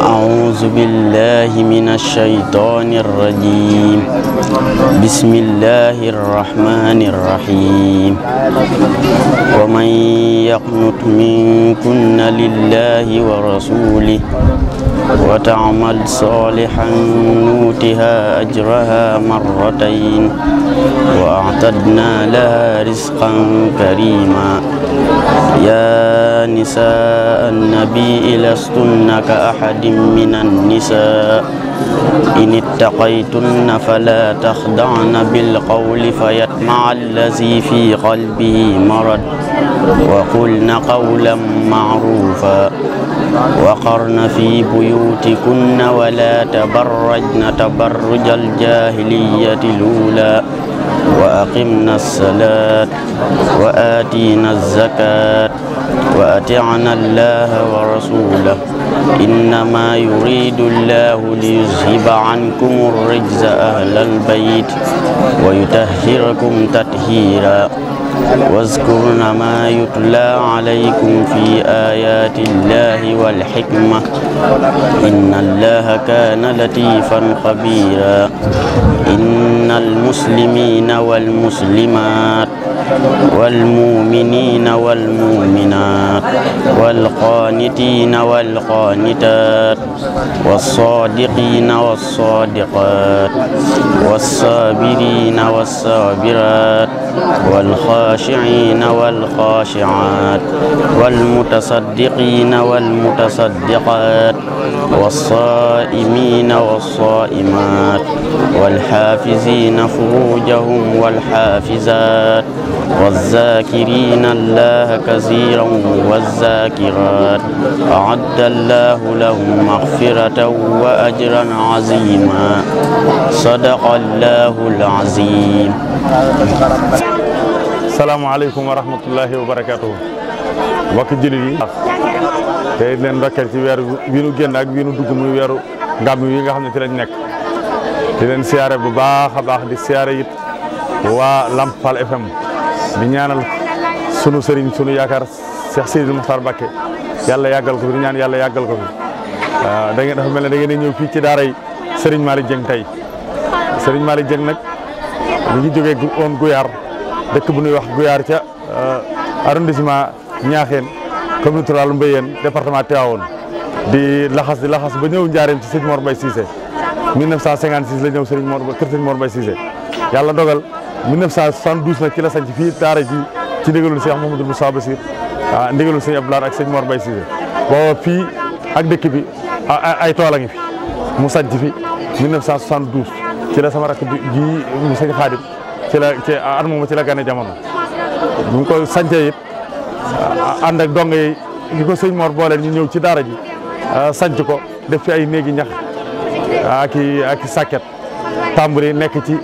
أعوذ بالله من الشيطان الرجيم بسم الله الرحمن الرحيم ومن يقنط منكن لله ورسوله وتعمل صالحا نوتها أجرها مرتين وأعتدنا لها رزقا كريما يا نساء النبي لستن كأحد من النساء إن اتقيتن فلا تخضعن بالقول فيطمع الذي في قلبه مرض وقلن قولا معروفا وقرن في بيوتكن ولا تبرجن تبرج الجاهلية الأولى وأقمنا الصلاة وآتينا الزكاة وأطعنا الله ورسوله إنما يريد الله ليذهب عنكم الرجز أهل البيت ويطهركم تطهيرا واذكرن ما يتلى عليكم في آيات الله والحكمة إن الله كان لطيفا خبيرا إن المسلمين والمسلمات والمؤمنين والمؤمنات والقانتين والقانتات والصادقين والصادقات والصابرين والصابرات والخ الخاشعين والخاشعات والمتصدقين والمتصدقات والصائمين والصائمات والحافزين فروجهم والحافزات والذاكرين الله كثيرا والذاكرات أعد الله لهم مغفرة وأجرا عظيما صدق الله العظيم salaamaaleykum wa rahmatullahi wa barakaatu mbokki jullit yi tey leen ndokkeel ci weer wi nu génn ak wi dugg muy weeru ngàmm yi nga xam ne ci lañ nekk di siyaare bu baax a baax di siyaare it waa Lamp Fall FM di ñaanal sunu sëriñ sunu yaakaar Cheikh Sidi Moukhtar Mbacké yàlla yàggal ko fi di ñaan yàlla yàggal ko fi ah, da mel ne da ñëw fii ci daara yi sëriñ Malick Dieng tey sëriñ Malick Dieng nag mi ngi jógee woon Guyar dëkk bu ñuy wax Guyaar ca euh, arrondissement Ñaaxeen commune rurale Mbayeen département Tivaouane di laxas di laxas ba ñëw njaareem ci sëñ Mor Mbaye Cissé 1956 la ñëw sëñ Mor kër sëñ Mor Mbaye Cissé yàlla dogal 1972 nag ci la sanc fii Daara ji ci ndigalul si Mouhamadou Moussa Bassir ah ndigalul sëñ Abdoulaye ak sëñ Mor Mbaye Cissé fii ak dëkk bi ay tool a ngi fi mu sanc fi 1972 ci la sama rakk ji mu sëñ Xaadim ci la ci at moomu ci la gane jamono bu ko sañcee it ànd ak yi ñu ko sëñ Mor boole ñu ñëw ci daara ji sanc ko def ci ay néegi ñax ak i ak i sàkket nekk ci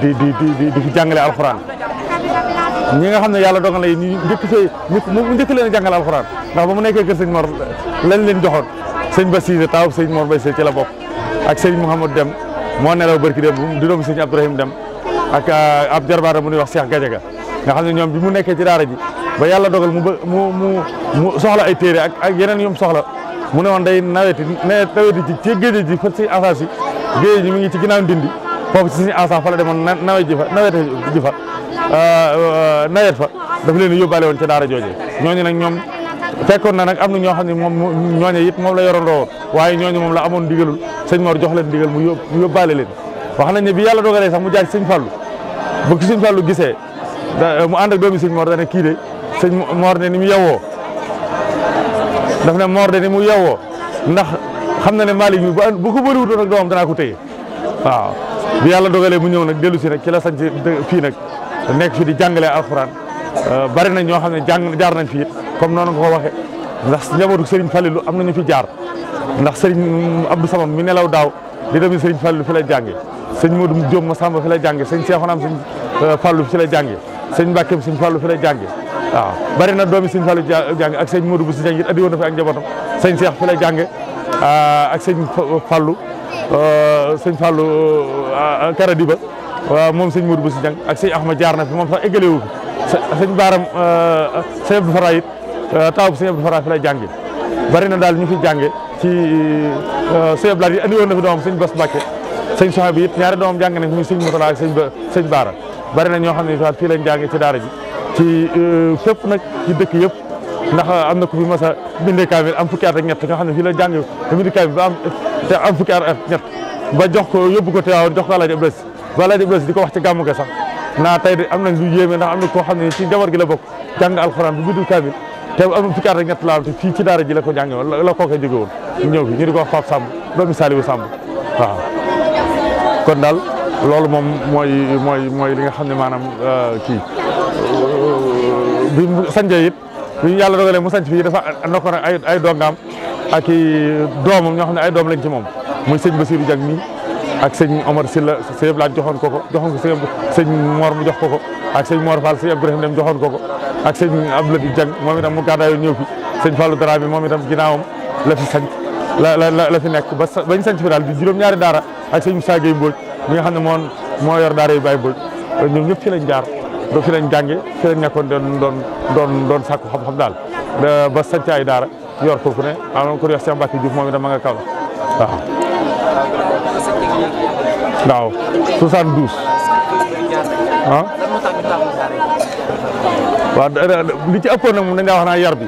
di di di di fi jàngale alxuraan ñi nga xam ne yàlla dogal na yi ñu njëkk fee mu njëkk leen a alxuraan ndax ba mu nekkee kër sëñ Mor la leen joxoon sëñ Basiré taawub sëñ Mor Basiré ci la bokk ak sëñ Mouhamadou Dem moo nelaw barki dem di doomu sëñ Abdourahim Dem ak euh, ab jarbaara bu ñuy wax Cheikh Gadiaga nga xam ne ñoom bi mu nekkee ci daara ji ba yàlla dogal mu mu mu mu soxla ay téere ak ak yeneen yum soxla mu ne woon day naweti naweti ci ci géej ji fa si asaa si géej ji mi ngi ci ginnaaw ndindi foofu si si asaa fa la demoon nawet ji fa nawet ji fa euh, nawet fa daf leen yóbbaale woon ca daara jooje ñooñu na ñoom fekkoon na nag am na ñoo xam ne moom ñooñu it moom la yorandoo waaye ñooñu moom la amoon ndigalul sëñ Mor jox leen ndigal mu yóbbaale leen wax nañ ne bi yàlla dogalee sax mu jaar sëñ Fallou bu ko sëñ gisee mu ànd ak doomi sëñ Mor dana kii de sëñ Mor ne ni mu yewoo daf ne Mor de ni mu yewoo ndax xam na ne Malick mi bu ko bëriwutoon ak doomam danaa yàlla dogalee mu ñëw nag dellu si nag ci la sañ ci fii nag nekk fi di jàngalee alxuraan euh, bari na ñoo xam ne jàng jaar nañ fi it noonu nga ko waxee ndax njabootu Serigne Fallilou am na ñu fi jaar ndax Serigne Abdou mu nelaw daaw di dem Serigne Fallilou fi la jàngee. sëñ Modou Diop ma Samba fi la jànge sëñ Seexunaam euh, sëñ Fallou fi la jànge sëñ Mbàkkeem sëñ Fallou fi la jànge waaw bari na doomi sëñ Fallou jànge ak sëñ Modou si jànge it adi woon na fi ak Seex fi la jànge euh, ak sëñ Fallou euh, sëñ Fallou Karadiba moom sëñ Modou bu si jàng ak sëñ Ahmad jaar na fi moom sax éggale wu fi sëñ Baaram sëñ Abdou Fara it taw bi fi la jànge bari na daal ñi fi jànge ci sëñ Abdou Lahat yi andi woon na fi doomam sëñ Bass Mbàkke sëñ soxna bi ñaari doomam jàng nañ muy ba sëñ Baara bari na ñoo xam ne soit fii jàngee ci daara ji ci euh, fépp nag ci dëkk yëpp ndax euh, am na ku fi mas a bindee kaamil am fukki at ak ñett xam ne fii la jàng te bindee kaamil ba am te ñett ba jox ko yóbbu ko teewaawoon jox ko Alaaji Abdulaay ba Alaaji Abdulaay di ko wax ci gàmmu ga sax naa tey de am nañ lu yéeme ndax am na koo xam ne si jabar gi la bokk jàng alxuraan bu bindul kaamil te am fukki at ak ñett la am te fii ci daara ji la ko jàngee woon la koo koy jóge woon ñëw fi ñu di ko wax Pape Samb doomi kon daal loolu moom mooy mooy mooy li nga xam ne maanaam euh, kii bi mu sañjee it bi yàlla dogalee mu sanc fii dafa nekkoon ay ay ne ay doom lañ ci moom muy sëñ Basirou Diak mi ak sëñ Omar Sylla sëñ Ablaye joxoon ko ko joxoon ko sëñ Mor mu jox ko ko ak sëñ Mor Fall sëñ Abdourahim dem joxoon ko ko ak sëñ Abdoulaye Diak moom itam mu gàddaayoon ñëw fi sëñ Fallou Dara bi moom itam ginnaawam la fi la la la fi nekk ba sa bañ sanc fi daal di juróom-ñaari daara ak sëñ Moussa Gueye Mbodj mi nga xam ne moom moo yor daara yu Baye Mbodj ñëpp fi lañ jaar do fi lañ nekkoon doon doon doon doon sàkku daal ba sanc ay daara yor kooku ne am na ko yor Cheikh Mbacke ci ëppoon nag moom dañ yar bi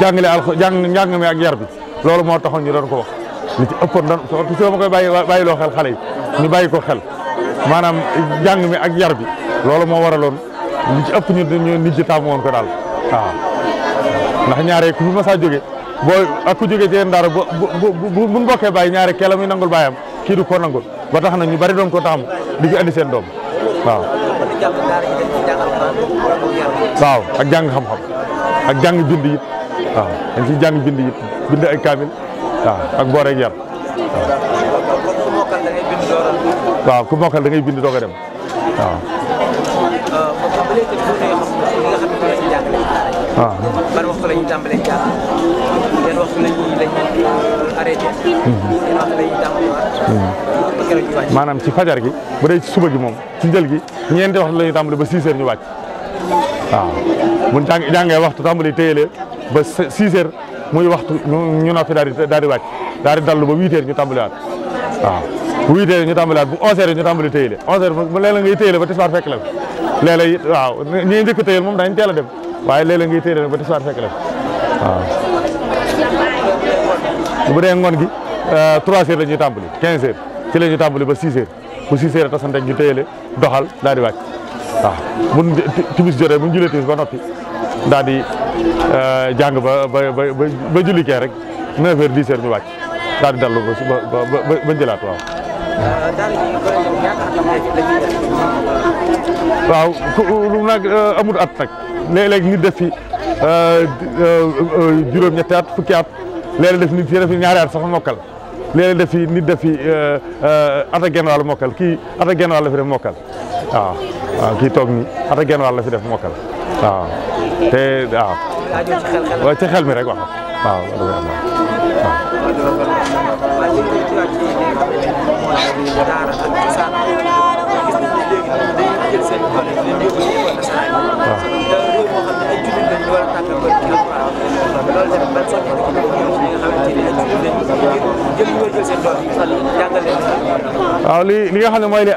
jàngale alxuraan jàng mi ak yar bi loolu moo taxoon ñu doon ko wax li ci ëppoon doon soo ma koy bàyyi bàyyi loo xel xale yi ñu bàyyi ko xel maanaam jàng mi ak yar bi loolu moo waraloon li ci ëpp ñu ñu nit woon ko daal waaw ndax ñaare ku fi ma saa jóge boo ak ku jóge ci yéen bu bu bokkee bàyyi ñaare kee la muy nangul baayam kii du ko nangul ba tax na ñu bari doon ko tàmm di ko seen doom waaw waaw ak jàng xam-xam ak jàng bind yi waaw dañ ciy jàng bind yi ay kaamil waaw ak boor yar waaw. waaw ku mokkal da ngay bind doog a dem waaw. waaw ban waxtu la ñuy maanaam ci fajar gi bu dee ci suba gi moom ci jël gi ñeenti waxtu lañuy ñuy tàmbali ba 6 heures ñu wàcc waaw bu ñu jàngee waxtu tàmbali téye leen ba 6 heures muy waxtu ñu noppi daal di daal di wàcc daal di dallu ba 8 heures ñu tàmbaliwaat waaw bu 8 heures ñu tàmbaliwaat bu 11 heures ñu tàmbali téyele 11 heures bu léeg-léeg ngay ba tisbaar fekk la léeg-léeg waaw ñi njëkk téyel moom dañ teel a dem waaye léeg-léeg ngay téyele ba tisbaar fekk la waaw bu dee ngoon gi 3 euh, heures la ñuy tàmbali 15 ci la ñuy tàmbali ba 6 heures bu 6 heures tasante ñu téyele doxal daal di wàcc waaw bu timis jotee bu julee Euh, jàng ba ba ba ba jullikee rek 9 heures 10 heures ñu wàcc daal di dallu ba ba jëlaat waaw. waaw lu nag euh, amul at nag léeg-léeg nit def fi euh, juróom-ñetti at fukki at léeg-léeg def nit fi def fi at a genn wàll mokkal kii at a genn wàll la fi def mokkal waaw waaw kii toog nii at a genn wàll la fi def mokkal. waaw te waaw. waaw ci xel mi rek wax waaw waaw. waaw li li nga xam ne mooy li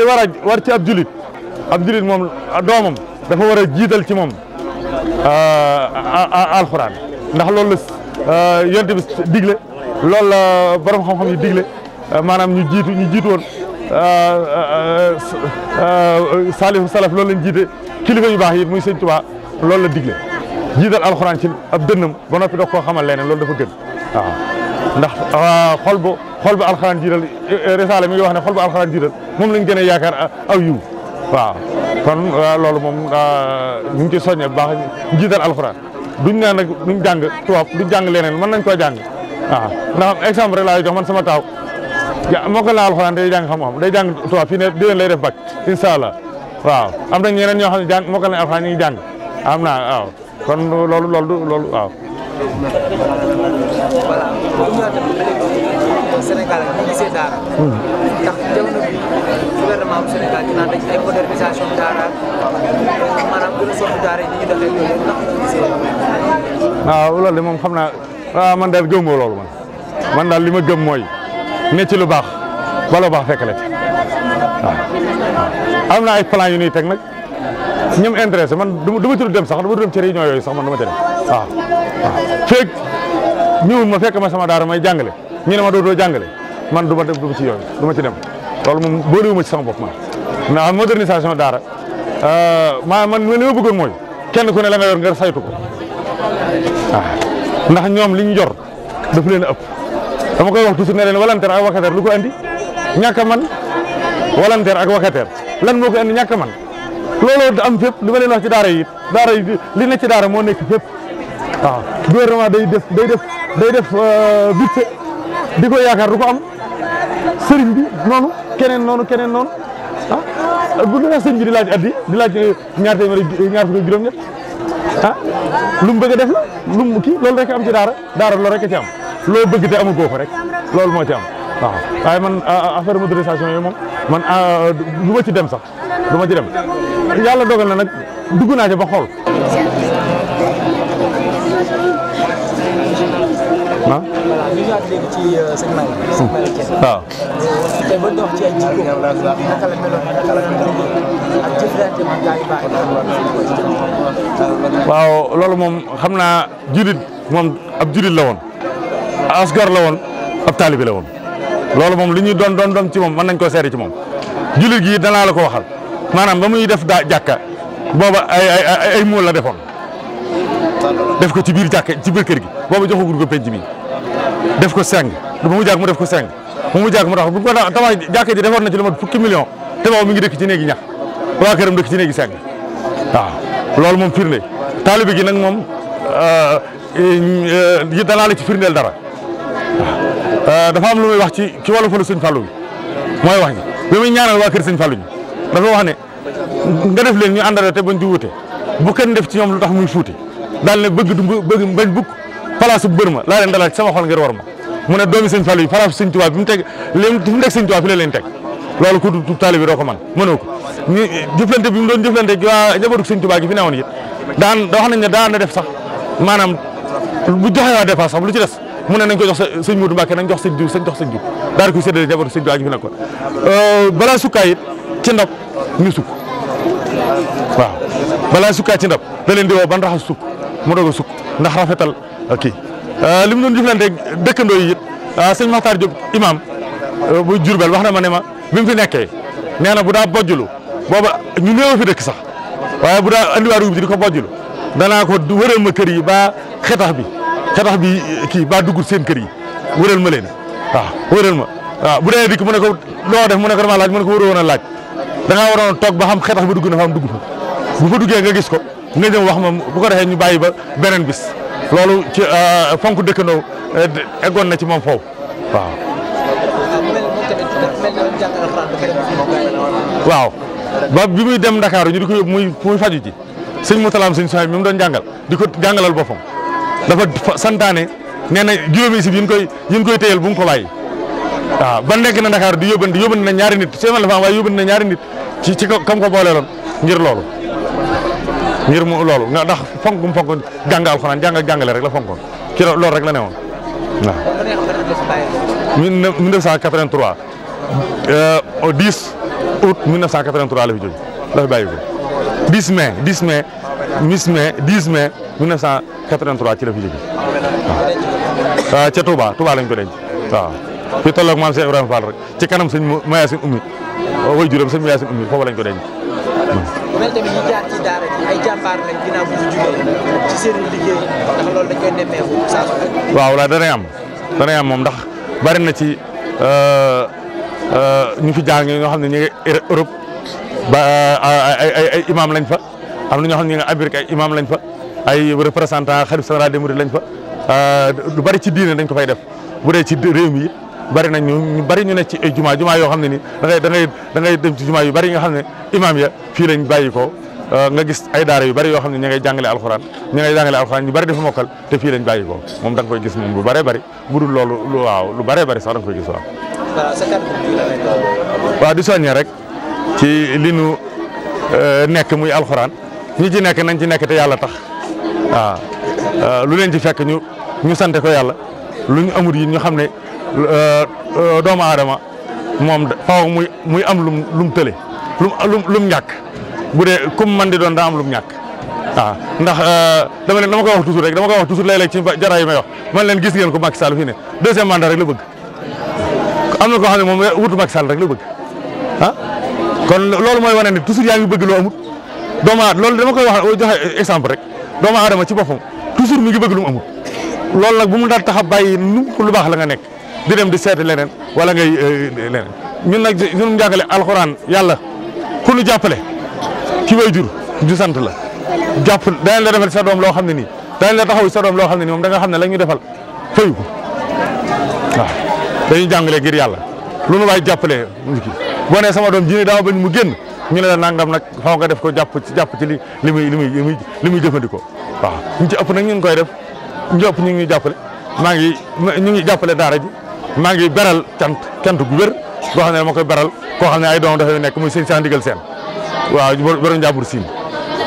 li war a war ci ab julit ab julit moom doomam. dafa war a jiital ci moom euh, alxuraan ndax loolu la euh, yonent bi digle loolu la borom xam-xam yi digle euh, maanaam ñu jiitu ñu jiitu woon saalihu salaf loolu lañ jiite kilifa yu baax yi muy sëñ Tuubaa loolu la digle jiital alxuraan ci ab dënnam ba noppi doog koo xamal leneen loolu dafa gën waaw ndax xol bu xol bu alxuraan jiital risaale mi ngi wax ne xol bu alxuraan jiital moom lañ gën a yaakaar aw yiw waaw kon loolu moom ñu ngi ci soññe bu baax jiital alxuraan duñ naan nag duñ jàng tubaab duñ jàng leneen mën nañ koo jàng waaw ndax exemple rek laa jox man sama taaw moo ko day jàng xam day jàng tubaab fii ne déwén lay allah waaw am na ñeneen ñoo xam ne jàng moo ko laa alxuraan ñu ngi jàng am naa waaw kon loolu loolu du loolu waaw Sénégal ñu gisee daara. Hmm. a soxla daara ah, moom xam naa ah, man daal gëmmoo loolu man man daal li ma gëm mooy ne ci lu baax bala baax fekk la ah. am naa ay plan yu ñuy teg nag ñoom intéressé man du ma tudd dem sax du ma tudd dem ci réunion yooyu sax man du ma ca dem waaw ma fekk ma sama daara may jàngale. ñu ne ma dootoo jàngale man du ma dem du ma ci yoon du ma ci dem loolu moom boolewuma ci sama bopp man ndax modernisation daara euh, maa man li ma bëggoon mooy kenn ku ne la nga yor nga saytu ko waaw ah, ndax ñoom li ñu yor daf leen a ëpp dama koy wax toujours ne leen volontaire ak vacataire lu ko andi ñàkk a man volontaire ak vacataire lan moo ko andi ñàkk a man looloo am fépp li ma leen wax ci daara yi li ne ci daara moo nekk fépp waaw ah, gouvernement day def day def day euh, di ko yaakaar du ko am sëriñ bi noonu keneen noonu keneen noonu ah bu dee sëriñ bi di laaj addi di laaj ñaar téeméer ñaar fukk ak juróom-ñett ah lu mu bëgg a def la lu mu kii loolu rek am ci daara daara loolu rek a ci am loo bëgg te amu ko rek loolu moo ci am waaw waaye man ah, ah, affaire motorisation yooyu moom man ah, du ma ci dem sax du ma ci dem yàlla dogal na nag dugg naa ci ba xool. ah. waaw. loolu moom xam naa jurit moom ab jurit la woon asgor la woon ab taalibi la woon loolu moom li ñuy doon doon doon ci moom mën nañ koo seeri ci moom julit gi danaa la ko waxal maanaam ba muy def daa jàkka booba ay ay la defoon def ko ci biir jàkka ci biir kër gi booba joxagul ko penc bi def ko seng du mu jàkk mu def ko seng mu mu jàkk mu tax bu ko tabax jàkkee ji defoon na ci lu mat fukki million te boobu mi ngi dëkk ci néegi ñax waa këram dëkk ci néegi seng waaw loolu moom firnde taalibe gi nag moom yi danaa la ci firndeel dara euh, dafa am lu muy wax ci ci wàllu falu sëñ Fallou bi mooy wax ji bi muy ñaanal waa kër sëñ Fallou bi dafa wax ne nga def leen ñu àndale te bañ di wute bu kenn def ci ñoom lu tax muy fuute daal ne bëgg du bëgg bañ bukk place bu bër ma laa leen dalal ci sama xol ngir war ma mu ne doomi sëñ Fallou yi place sëñ Tuubaa bi teg leen fi mu leen teg loolu ku du doo ko man mënoo a ñu jëflante bi mu doon jëflante waa njabootu sëñ Tuubaa gi fi newoon it daan da wax nañ ne daan na def sax maanaam bu joxe waa dépense sax lu ci des mu ne nañ ko jox sëñ Modou Mbacke nañ jox sëñ diw sañ jox sëñ diw daal ko séddale njabootu sëñ Tuubaa gi fi nekkoon euh, balaa sukkaay it ci ndab ñu sukk waaw balaa sukkaay ci ndab da leen di woo ban raxas sukk mu doog a sukk rafetal ok euh, li mu doon jëflante dëkkandoo yi it euh, sëñ Makhtar Diop imam euh, bu Jurbel wax na ma ne ma bi mu fi nekkee nee na bu daa bojjlu booba ñu néew fi dëkk sax waaye bu daa andiwaat wu di ko bojjlu danaa ko wëral ma kër yi ba xetax bi xetax bi kii ba duggut seen kër yi wëral ma leen waaw wëral ma waaw bu dee dikk mu ne ko loo def mu ne ko dama laaj mu ne ko waroon a laaj da ngaa waroon toog ba xam xetax ba dugg na fa am dugg fa bu fa duggee nga gis ko nga ñëw wax ma bu ko defee ñu bàyyi ba beneen bis loolu ci euh, fonk dëkkandoo euh, eggoon na ci moom foofu waaw. waaw ba bi muy dem Ndakaaru ñu di ko yóbbu muy muy faju ji sëñ Moutalaam sëñ Soxna mi mu doon jàngal di ko jàngalal boppam dafa santaane nee na juróomi si koy yi ñu koy téyal bu mu ko bàyyi. waaw ba nekk na Ndakaaru di yóbbandi yóbbandi na ñaari nit seen la fa waaye yóbbandi na ñaari nit ci ci kam ko loon ngir loolu. ngir mu loolu nga ndax fonk mu fonk jàng alxuraan jàng jàngale rek la fonkoon ci loolu rek la newoon waaw. mille neuf cent quatre-vingt-trois euh, au 10 août 1983 la fi jógee la fi bàyyi ko 10 mai 10 mai 10 mai 10 mai 1983 ci la fi jógee waaw euh, ca Touba Touba lañ ko denc waaw fi tolloog maam Cheikh Ibrahima Fall rek ci kanam sëñ Mayacine Oumy way juróom sëñ foofu lañ ko denc mel tamit ñi jaar ci daara ji ay jàmbaar lañ ginnaaw bu ñu jugee ci seen liggéey ndax loolu dañ koy nemmeeku saa su nekk. waaw la danay am danay am moom ndax bari na ci euh, euh, ñu fi jàng ñoo xam ne ñu ngi Europe ba ay ay ay imaam lañ fa am na ñoo xam ne ñu ngi Amérique ay imaam lañ fa ay représentant xalif général des mourides lañ fa euh, lu bari ci diine dañ ko fay def bu dee ci réew mi it bari nañ ñu bari ñu ne ci ay jumaa jumaa yoo xam ne ni da da ngay da ngay dem ci jumaa yu bari nga xam ne imaam ya fii lañ bàyyi ko euh, nga gis ay daara yu bari yoo xam ne ña ngay jàngale alxuraan ña ngay jàngale alxuraan ñu bari dafa moom da nga koy gis moom lu bëree bëri budul loolu lu waaw lu bëree bëri sax da koy gis waaw. waaw di soññee rek ci li nu euh, nekk muy alxuraan ñi ci nekk nañ ci nekk te yàlla tax waaw euh, lu leen ci fekk ñu ñu sante ko yàlla lu ñu amul yi ñu xam ne Euh, euh, doomu aadama moom faaw muy muy am lum lum tële lum lum lum ñàkk bu dee comme man di doon daa am lum ñàkk waaw ndax euh, dama leen dama koy wax toujours rek dama koy wax toujours léeg-léeg ci jara yi may wax man leen gis ngeen ko Macky Sall fi ne deuxième mandat rek la bëgg am na koo xam ne moom wutu Macky Sall rek la bëgg ah kon loolu mooy wane ne toujours yaa ngi bëgg loo amut doomu aadama loolu dama koy wax joxe exemple rek doomu aadama ci boppam toujours mi ngi bëgg lu mu amut loolu nag bu mu daal tax a bàyyi lu baax la nga nekk. di dem di seeti leneen wala ngay eh, eh, leneen ñun nag ñun njàngale alxuraan yàlla ku ñu jàppale ki way jur ju sant la jàpp danañ la defal sa doom loo xam ne nii danañ la taxaw sa doom loo xam ne nii moom nga xam ne la ñu defal fayu ko waaw dañuy jàngale ngir yàlla lu nu waay jàppale nit sama doom ji ne daaw bañ mu génn ñu ne la nangam nag xaw nga def ko jàpp ci jàpp ci li li muy li muy li muy jëfandikoo waaw ñu ci nag ñu ngi koy def ñu ëpp ñu jàppale maa ngi ñu ngi jàppale daara ji maa ngi beral cant cant gu wér boo xam ne ma koy beral koo xam ne ay doom dafay nekk muy sëñ Saa Ndigal Seen waaw borom njàmbur siin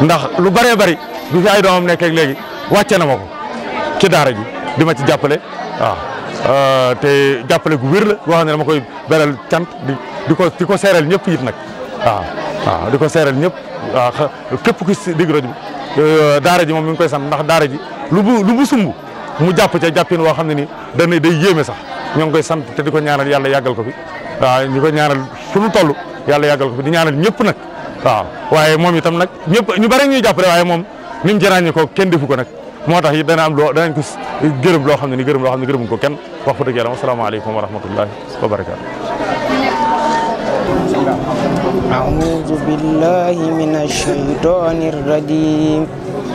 ndax lu bëree bari bi fi ay doomam nekkee léegi wàcce na ma ko ci daara ji di ma ci jàppale waaw euh, te jàppale gu wér la boo xam ne ma koy beral cant di di ko di ko seeral ñëpp it nag waaw di ko seeral ñëpp waaw képp ku si digg rajo bi euh, ji moom mi ngi koy sant ndax daara ji lu bu sumb mu jàpp ca jàppin woo xam ne ni dana day yéeme sax ñoo ngi koy sant te di ko ñaanal yàlla yàggal ko fi waaw ñu ko ñaanal suñu toll yàlla yàggal ko fi di ñaanal ñëpp nag waaw waaye moom itam nag ñëpp ñu bari ñuy jàppale waaye moom ni mu jërañee ko kenn defu ko nag moo tax it dana am loo danañ ko gërëm loo xam ne ni loo xam ne gërëmuñ ko kenn wax fa dëgg yàlla asalaamaaleykum wa rahmatullahi wa barakaatu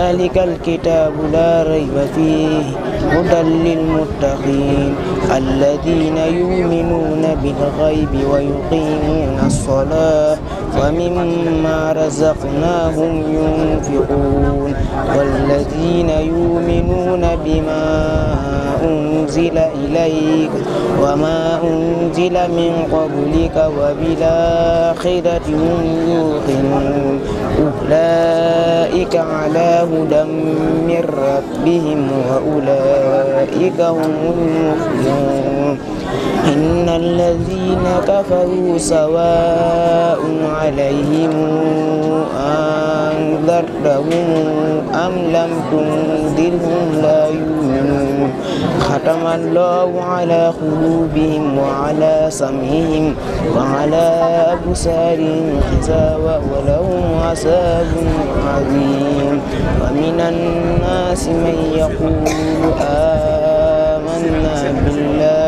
ذلك الكتاب لا ريب فيه هدى للمتقين الذين يؤمنون بالغيب ويقيمون الصلاة ومما رزقناهم ينفقون والذين يؤمنون بما أنزل إليك وما أنزل من قبلك وبالآخرة هم يوقنون أولئك على هدى من ربهم وأولئك هم المفلحون إن الذين كفروا سواء عليهم أنذرتهم أم لم تنذرهم لا يؤمنون ختم الله على قلوبهم وعلى سمعهم وعلى أبصارهم غشاوة ولهم عذاب عظيم ومن الناس من يقول آمنا بالله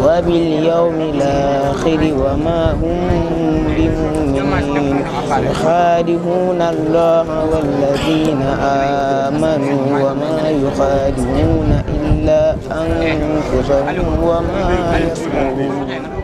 wa bil yawmil aaxiri wa maa hum bi mu'miniin yuxaadi'uuna Allaaha wallaziina aamanuu wa maa yuxaadi'uuna illaa anfusahum wa maa yash'uruun